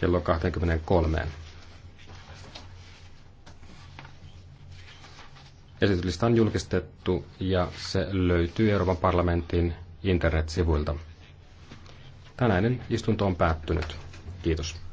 kello 23. Esityslista on julkistettu ja se löytyy Euroopan parlamentin internetsivuilta. Tänäinen istunto on päättynyt. Kiitos.